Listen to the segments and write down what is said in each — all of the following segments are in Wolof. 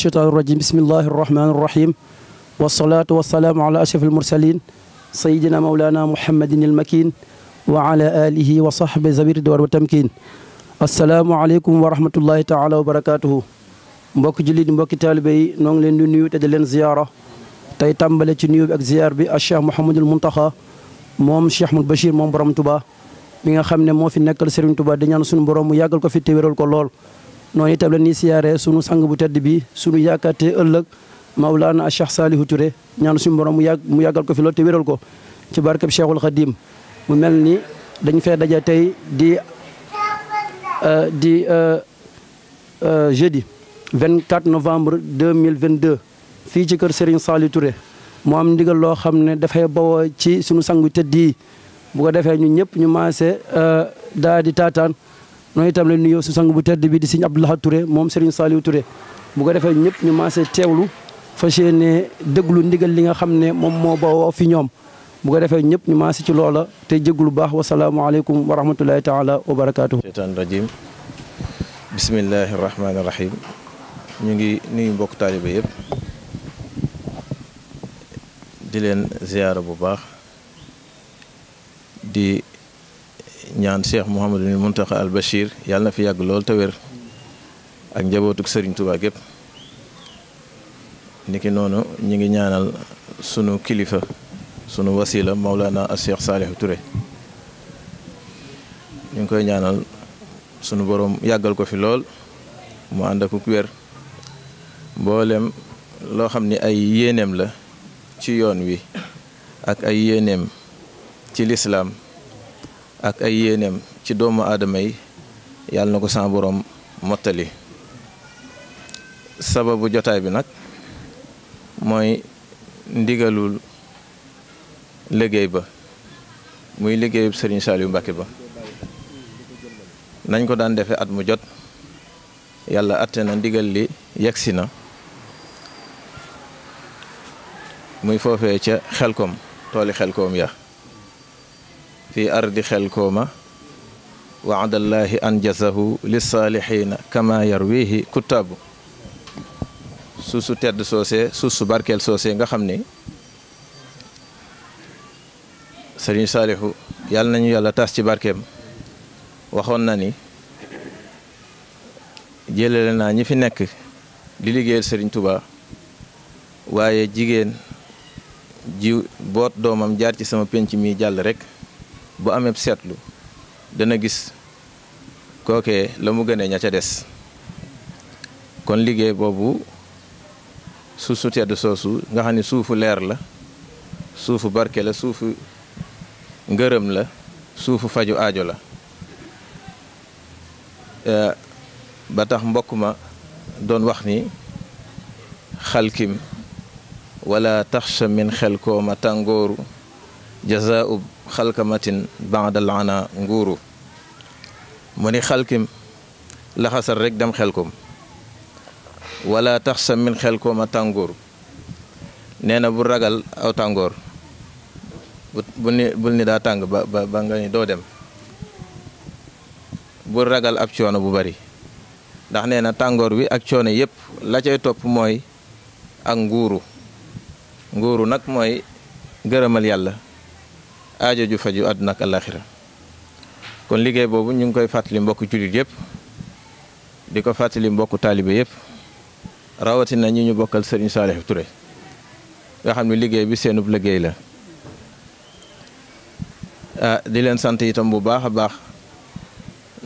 shaytaan irrajim bismillahi irrahmani irrahim wasalaatu wasalaamu ala ashraf almursalin sayidina maulana muhammadin almakin wa ala alihi wa sahbi zabir diwar wa tamkin asalaamualeykum wa rahmatullahi taala wa barakatuhu mbokki jullit mbokki taalibe yi noo ngi leen di nuyu te di leen ziyaara tey tàmbale ci nuyu bi ak ziyaar bi ak cheikh mouhamadul muntaxa moom cheikh mul bachir moom borom tuba mi nga xam ne moo fi nekkal Serigne Touba di ñaan suñu borom mu yàggal ko fi te wéral ko lool noonu itam la ñuy siyaare sunu sang bu tedd bi sunu yaakaarte ëllëg na Cheikh Salihu Touré ñaan suñ borom mu yàgg mu yàggal ko fi lool te wéral ko ci barkeb Cheikhul Khadim mu mel ni dañu fee daje tey di euh, di euh, euh, jeudi 24 novembre 2022 fii ci kër Serigne Saliou Touré mu am ndigal loo xam ne dafay bawoo ci sunu sangu tëdd yi bu ko defee ñu ñëpp ñu maase daal di taataan. noonu itam lañ nuyoo su sang bu tedd bi di sëñ Abdou Lahad Touré moom Serigne Saliou Touré bu ko defee ñëpp ñu maasee teewlu fas ne déglu ndigal li nga xam ne moom moo bawoo fi ñoom bu ko defee ñëpp ñu maasee ci loola te jéglu baax wasalaamualeykum wa rahmatullahi taala wa barakaatuhu cheytaan rajim bismillahi rahmaani rahim ñu ngi nuyu mbokk taaliba yëpp di leen ziyaara bu baax ñaan Cheikh Mouhamadul Mountakha Al Bachir yàlla na fi yàgg lool te ak njabootuk sëriñ Touba gépp niki noonu ñu ngi ñaanal sunu kilifa sunu wasila Maulana ak Cheikh Saliou Touré ñu ngi koy ñaanal sunu boroom yàggal ko fi lool mu ànd ak wér mboolem loo xam ni ay yéeneem la ci yoon wi ak ay yéeneem ci lislaam ak ay yéeneem ci doomu aadama yi yàlla na ko sama boroom mottali sababu jotaay bi nag mooy ndigalul liggéey ba muy liggéeyub Serigne Saliou Mbacké ba nañ ko daan defe at mu jot yàlla atte na ndigal li yegsi na muy foofe ca xelkom tooli xel koom ya fi ardi xelkooma wa adallaahi anjasahu lissaalixiina kama yarwihi kuttaabu suuf su tedd soose suuf su barkeel soose nga xam ni sëriñ Saalihu yàlla nañu yàlla taas ci barkeem waxoon na ni jëlale naa ñi fi nekk di liggéeyal sëriñ Touba waaye jigéen ji boot doomam jaar ci sama pénc mi jàll rek bu amee seetlu dana gis kookee la mu gënee ña ca des kon liggéey boobu su su tedd soosu nga xam ne suufu leer la suufu barke la suufu ngërëm la suufu faju ajo la eh, ba tax mbokk ma doon wax ni xalkim wala taxsha min xel kooma tàngooru jazaub xalkamatin bandal ana nguuru mu ni xalkim laxasal rek dem xelkom wala tax sa min xelkooma tàngoor nee na bu ragal aw tàngoor bu bul ni daa tàng ba ba nga ni doo dem bu ragal ab coono bu bari ndax nee na tàngoor wi ak coono yépp la topp mooy ak nguuru nguuru nag mooy gërëmal yàlla aajo ju faju àdduna ak àllaaxira kon liggéey boobu ñu ngi koy fàttali mbokk jullit yëpp di ko fàttali mbokku taalibe yépp rawatina ñi ñu bokkal sëriñ Saliou ture nga xam ne liggéey bi seenub liggéey la ah, di leen sant itam bu baax a baax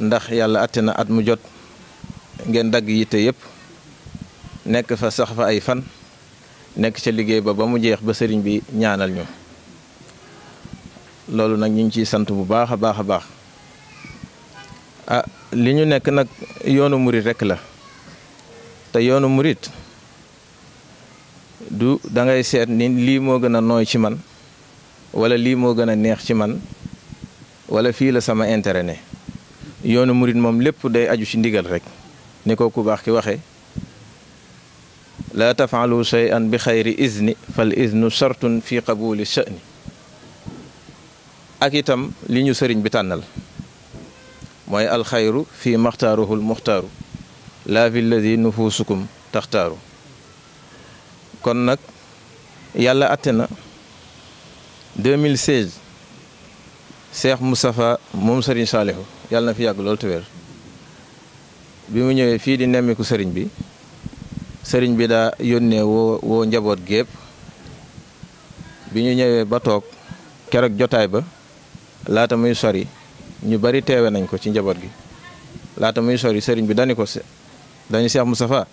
ndax yàlla àtte na at mu jot ngeen dagg yitte yëpp nekk fa sax fa ay fan nekk ca liggéey ba ba mu jeex ba sëriñ bi ñaanal ñu loolu nag ñu ngi ciy sant bu baax a baax a baax ah li ñu nekk nag yoonu murit rek la te yoonu murit du dangay seet ni lii moo gën a nooy ci man wala lii moo gën a neex ci man wala fii la sama intérêt ne yoonu murit moom lépp day aju ci ndigal rek ni ko ku baax ki waxe laa tafaalu an bi xayri izni fal iznu shartun fi qabuli sha'ni ak itam li ñu sëriñ bi tànnal mooy alxayru fi maxtaaruhul muxtaaru laa fi lladi nufusukum taxtaaru kon nag yàlla atte na 2016 Cheikh Moustapha moom sëriñ Saalihu yàlla na fi yàgg loolu te wér bi mu ñëwee fii di nemmiku sëriñ bi sëriñ bi daa yónnee woo woo njaboot gépp bi ñu ñëwee ba toog keroog jotaay ba laata muy sori ñu bari teewe nañ ko ci njaboot gi laata muy sori sëriñ bi dani ko dañu Cheikh Moustapha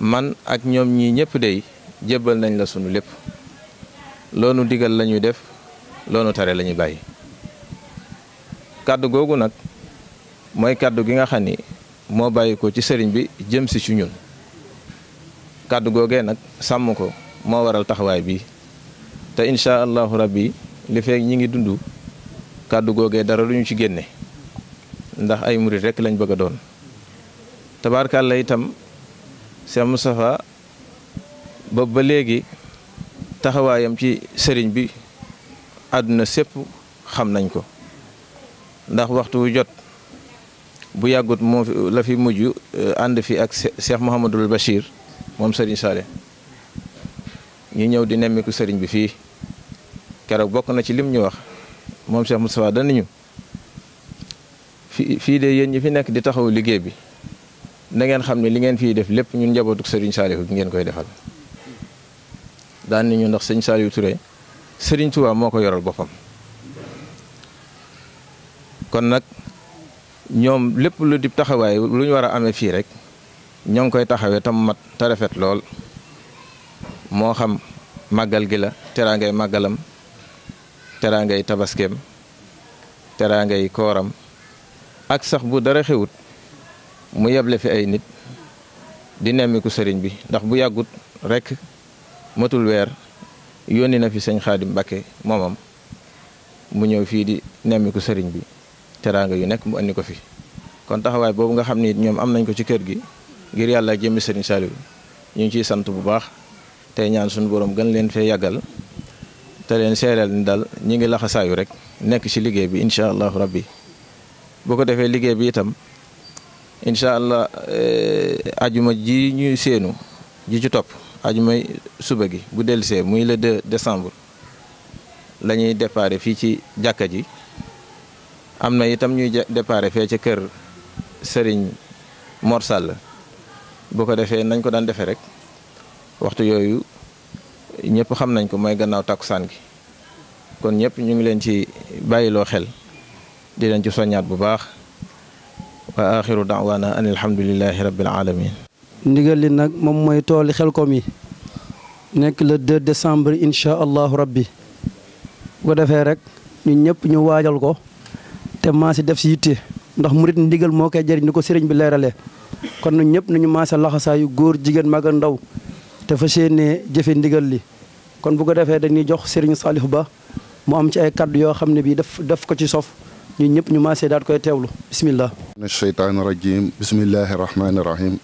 man ak ñoom ñii ñëpp dey jébbal nañ la sunu lépp loonu digal lañuy ñuy def loonu tare la ñuy bàyyi kàddu googu nag mooy kàddu gi nga xam ni moo bàyyi ko ci sëriñ bi jëm si ci ñun kàddu googee nag sàmm ko moo waral taxawaay bi te incha allahu rabbi li feek ñi ngi dund kàddu googee dara lu ñu ci génne ndax ay murit rekk lañ bëgg a doon tabaarkàlla itam Cheikh Moustapha boobu ba léegi taxawaayam ci sëriñ bi àdduna sépp xam nañ ko ndax waxtu wu jot bu yàggut moo la fi mujj eh, ànd fi ak seex Mouhamadul Bachir moom sëriñ Saale ñu ñëw di nemmiku sëriñ bi fii keroog bokk na ci lim ñu wax moom mu Cheikh Moustapha danañu fi fii de yéen ñi fi nekk di taxaw liggéey bi na ngeen xam ne li ngeen fii def lépp ñun njabootuk Serigne Saliou ngeen koy defal daan nañu ndax sëñ Saliou ture sëriñ Touba moo ko yoral boppam kon nag ñoom lépp lu di taxawaay lu ñu war a amee fii rek ñoo ngi koy taxawee tam mat te lool moo xam màggal gi la teraangay màggalam teraangay tabaskeem yi kooram ak sax bu dara xewut mu yeble fi ay nit di nemmiku sëriñ bi ndax bu yàggut rekk matul weer yónni na fi sëñ xaadim Mbàkke moomam mu ñëw fii di nemmiku sëriñ bi teraanga yu nekk mu andi ko fi kon taxawaay boobu nga xam ni ñoom am nañ ko ci kër gi ngir yàlla jëmmi sëriñ Saliou ñu ngi ciy sant bu baax tey ñaan suñu boroom gën leen fee yàggal te leen seereel ni daal ñi ngi laxasaayu rek nekk ci liggéey bi incha allahu rabbi bu ko defee liggéey bi itam incha allah eh, ajuma ji ñuy séenu ji ci topp ajumay suba gi bu dellusee muy le 2 décembre la ñuy déparé fii ci jàkka ji am na itam ñuy déparé fee ca kër sëriñ Mor Sall ko defee nañ ko daan defee rek waxtu yooyu ñëpp xam nañ ko mooy gannaaw takkusaan gi kon ñëpp ñu ngi leen ci bàyyiloo xel di leen ci soññaat bu baax wa axiru daawaana an alhamdulilahi rabbil alamin ndigal li nag moom mooy tooli ko mi nekk le 2 décembre incha allahu rabbi bu ko defee rek ñu ñëpp ñu waajal ko te maa si def si yitte ndax murit ndigal moo koy jëriñ ni ko sëriñ bi leerale kon na ñëpp nañu maasa laxasaayu góor jigéen mag ndaw te fas yéenee jëfe ndigal li kon bu ko defee dañuy jox Serigne Saliou Ba mu am ci ay kàdd yoo xam ne bii def daf ko ci sof ñun ñëpp ñu maasee daal koy teewlu bismillah min asheytaan irajim bismillahi irahmani irahim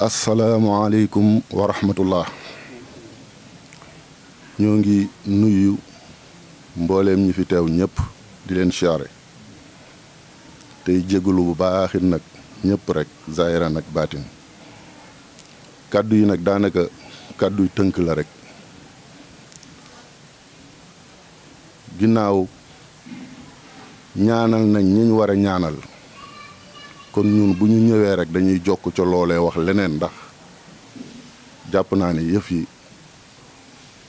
asalaamualeykum wa rahmatullah ñoo ngi nuyu mbooleem ñi fi teew ñëpp di leen siyaare tey jégalu bu baaxit nag ñëpp rek zaayira nag baatin kàddu yi nag daanaka kàddu tënk la rek ginnaaw ñaanal nañ ñi ñu war a ñaanal kon ñun bu ñu ñëwee rek dañuy jokk ca wax leneen ndax jàpp naa ne yëf yi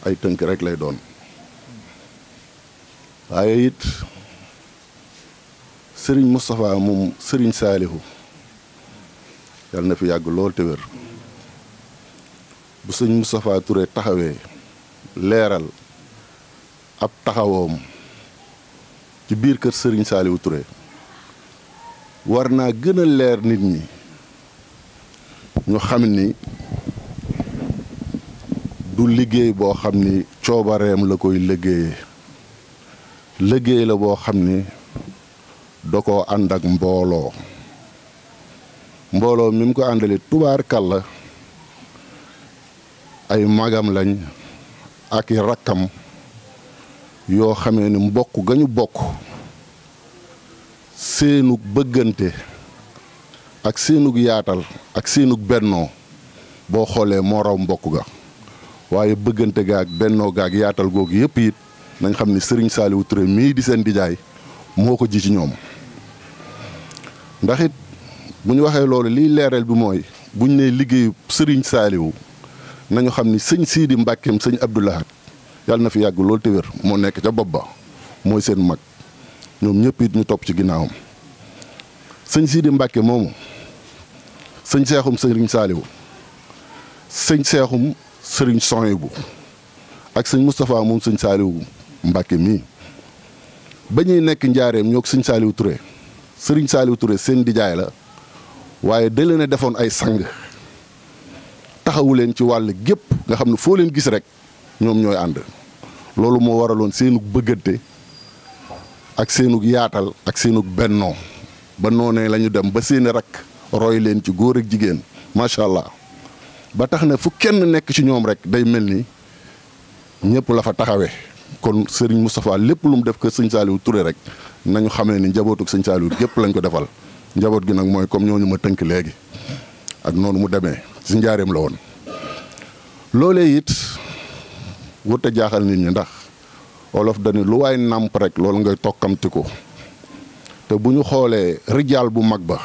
ay tënk rek lay doon waaye it sëriñ Moustapha moom Serigne Saalihu yàlla na fi yàgg lool te wér bu sëñ Moustapha Touré taxawee leeral ab taxawoom ci biir kër sëriñ Saliou ture war naa gën a leer nit ñi ñu xam ni du liggéey boo xam ni coobareem la koy liggéeye liggéey la boo xam ni da ko ànd ak mbooloo mbooloo mi mu ko àndale tubaar kàlla ay magam lañ ak i rakkam yoo xamee ni mbokk ga ñu bokk seenug bëggante ak seenug yaatal ak seenug bennoo boo xoolee moo raw mbokk ga waaye bëggante ak bennoo ak yaatal googu yépp it nañ xam ni Serigne saaliwu Touré mii di seen dijaay moo ko ji ci ñoom ndax it bu ñu waxee loolu liy leeral bi mooy buñ nee liggéeyu Serigne Saliou nañu xam ni sëñ Sidi Mbàkkeem sëñ Abdou Lahad yàlla na fi yàgg loolu te moo nekk ca bopp ba mooy seen mag ñoom ñëpp it ñu topp ci ginnaawam sëñ Sidi Mbàkke moomu sëñ seexum sëriñ Saaliwu sëñ seexum sëriñ Sohaybu ak sëñ Moustapha moom sëñ Saaliwu Mbàkke mii ba ñuy nekk njaareem ñoo sëñ Saaliwu ture sëriñ Saaliwu ture seen dijaay la waaye da leen defoon ay sang taxawu leen ci wàll gépp nga xam ne foo leen gis rek ñoom ñooy ànd loolu moo waraloon seenug bëggante ak seenug yaatal ak seenug bennoo ba noonee la ñu dem ba seeni rakk roy leen ci góor ak jigéen macha allah ba tax na fu kenn nekk ci ñoom rek day mel ni ñëpp la fa taxawee kon sëriñ Moustapha lépp lu mu def ko sëñ Saliou Touré rek nañu xam xamee ni njabootug sëñ Saliou gépp lañ ko defal njaboot gi nag mooy comme ñooñu ma tënk léegi ak noonu mu demee. si la woon loolee it wut jaaxal nit ñi ndax olof dañu lu waay nàmp rek loolu ngay tokkamtiku te bu ñu xoolee rijaal bu mag ba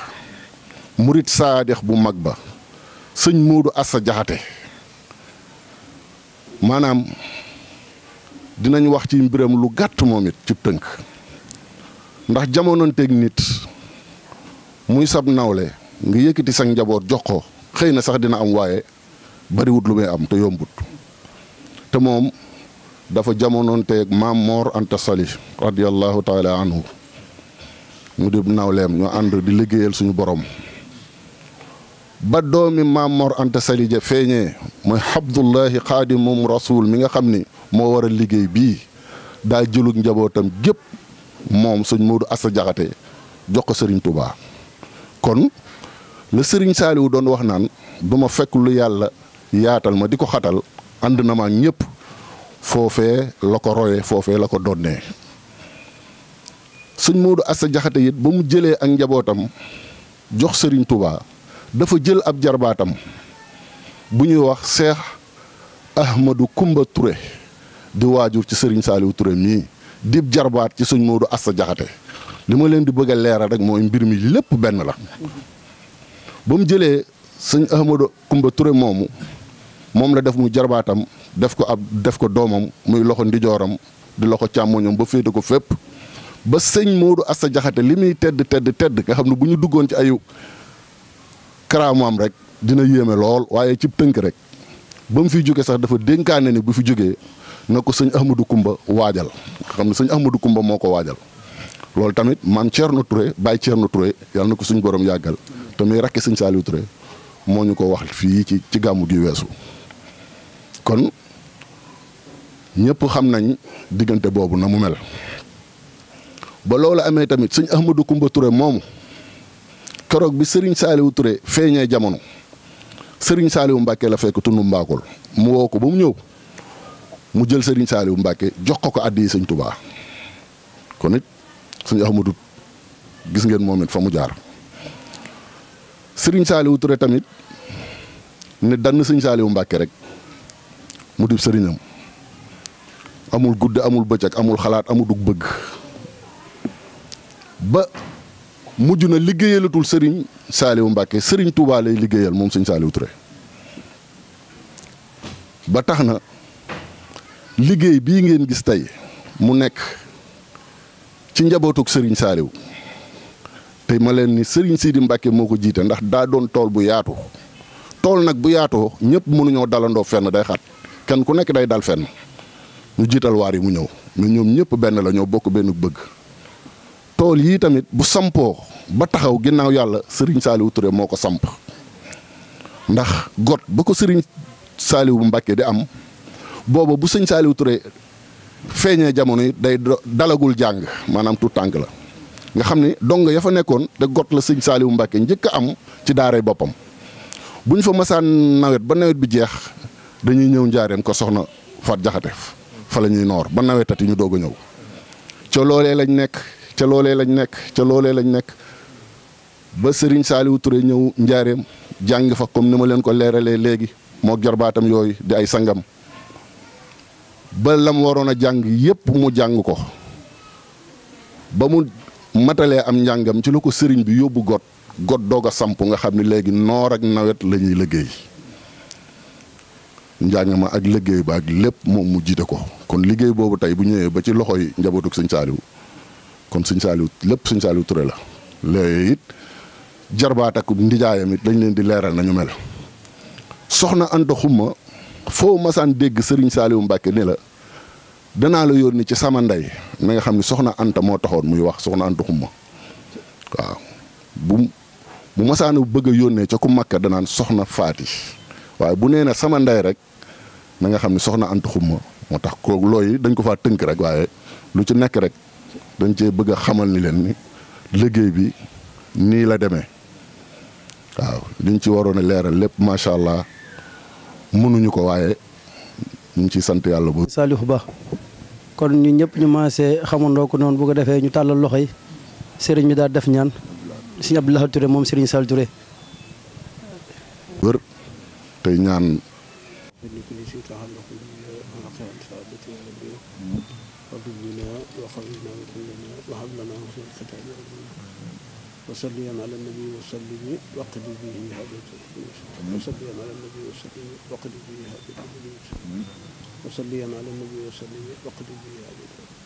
murit saadix bu mag ba sëñ Moodu Asa Jaxate maanaam dinañu wax ci mbiram lu gàtt moom it ci tënk ndax jamononteeg nit muy sab nawle nga yëkkati sa njaboot jox ko xëy na sax dina am waaye bariwut lu muy am te yombut te moom dafa jamonoonteeg maam Mor Anta Sali radiyallahu taala anhu mu di nawleem ñu ànd di liggéeyal suñu boroom ba doomi maam Mor Anta Sali ja feeñee mooy Abdullahi xaadimum rasul mi nga xam ni moo war a liggéey bii daa jëlug njabootam gépp moom sëñ Modou Assa Jaxate jox ko Serigne Touba kon la sëriñ Saaliwu doon wax naan du ma fekk lu yàlla yaatal ma di ko xatal ànd na ma ñëpp foofee la ko roye foofee la ko donnee sëñ Moodu Asta Jaxate yit ba mu jëlee ak njabootam jox sëriñ tubaa dafa jël ab jarbaatam bu ñuy wax seex Ahmadou Kumba Touré di waajur ci sëriñ Saaliwu Touré mii di jarbaat ci sëñ Moodu Asta Jaxate li ma leen di bëgg a leeral rek mooy mbir mi lépp benn la ba mu jëlee sëñ Ahmadou Kumba Touré moomu moom la def mu jarbaatam def ko ab def ko doomam muy loxo ndijooram di loxo càmmoñam ba féete ko fépp ba sëñ Modou sa Jaxate li muy tedd tedd tedd nga xam ne bu ñu duggoon ci ayu karaamaam rek dina yéeme lool waaye cib tënk rek ba mu fiy jóge sax dafa dénkaane ni bu fi jógee na ko sëñ Ahmadou Kumba waajal nga xam ne sëñ Ahmadou Kumba moo ko waajal loolu tamit maam Thierno Touré Baye Thierno Touré yàlla na ko suñu borom yàggal te muy rakki sëñ saaliwu ture moo ñu ko wax fii ci ci gàmmu gi weesu kon ñëpp xam nañ diggante boobu na mu mel ba loolu amee tamit sëñ Ahmadou Koumba Touré moomu keroog bi Serigne Saliou ture feeñee jamono Serigne Saliou Mbacke la fekk tund mbaakul mu woo ko ba mu ñëw mu jël Serigne Saliou Mbacke jox ko ko àddi yi sëñ tubaa kon it sëñ Ahmadou gis ngeen moom it fa mu jaar sëriñ Saliou ture tamit ne dann sëñ Saliou Mbacke rek mu dib sëriñam amul gudd amul bëccëg amul xalaat amul dug bëgg ba mujj na liggéeyalatul sëriñ Saliou Mbacke sëriñ Touba liggéeyal moom sëñ Saliou Touré ba tax na liggéey bii ngeen gis tey mu nekk ci njabootug sëriñ Saliou te ma leen ni Serigne Sidi Mbacke moo ko jiite ndax daa doon tool bu yaatu tool nag bu yaatoo ñëpp mënuñoo dalandoo fenn day xat kenn ku nekk day dal fenn ñu jiital waar yi mu ñëw mais ñoom ñëpp benn la ñoo bokk benn bëgg tool yii tamit bu sampoo ba taxaw ginnaaw yàlla Serigne Saliou Touré moo ko samp ndax got ba ko Serigne bu Mbacke di am booba bu sëñ Saliou Touré feeñee jamono yi day dalagul jàng maanaam tout tànk la. nga xam ne dong ya fa nekkoon te got la sëñ Saaliwu Mbàkke njëkk am ci daaray boppam bu ñu fa masaan nawet ba nawet bi jeex dañuy ñëw njaareem ko soxna Fat Jaxate fa la ñuy noor ba nawetati ñu doog a ñëw ca loolee lañ nekk ca loolee lañ nekk ca loolee lañ nekk ba sëriñ Saliou ture ñëw njaareem jàng fa comme ni ma leen ko leeralee léegi moo jarbaatam yooyu di ay sangam ba lam waroon a jàng yépp mu jàng ko ba mu matalee am njàngam ci la ko sëriñ bi yóbbu got got doog a samp nga xam ne léegi noor ak nawet la ñuy liggéey njàng ak liggéey ba ak lépp moom mu jiite ko kon liggéey boobu tey bu ñëwee ba ci loxoy njabootuk sëñ saaliw kon sëñ saaliw lépp sëñ saaliw ture la léegi it jarbaat ak ndijaayam it dañ leen di leeral nañu mel soxna Anta Xuma foo masaan dégg sëriñ saaliw Mbàkke ne la danaa la yónni ci sama ndey mi nga xam ne soxna Anta moo taxoon muy wax soxna Anta xumma waaw bu bu masaana bëgg a yónnee ca ku makka danaan soxna faati waaye bu nee na sama ndey rek na nga xam ne soxna Anta xumma moo tax kooku looy dañ ko faa tënk rek waaye lu ci nekk rek dañ cee bëgg a xamal ni leen ni liggéey bi nii la demee waaw liñ ci waroon a leeral lépp macha allah mënuñu ko waaye. ñu ci sant yàlla bu Saliou Ba kon ñu ñëpp ñu maasee xamandoo ko noonu bu ko defee ñu tàllal loxo yi sëriñ bi daal def ñaan sëriñ Abdoulaye Touré moom sëriñ Saliou Touré wër tey ñaan وسلم على النبي وسلم وقد به هديته وسلم على النبي وسلم وقد به هديته وسلم على النبي وسلم وقد به هديته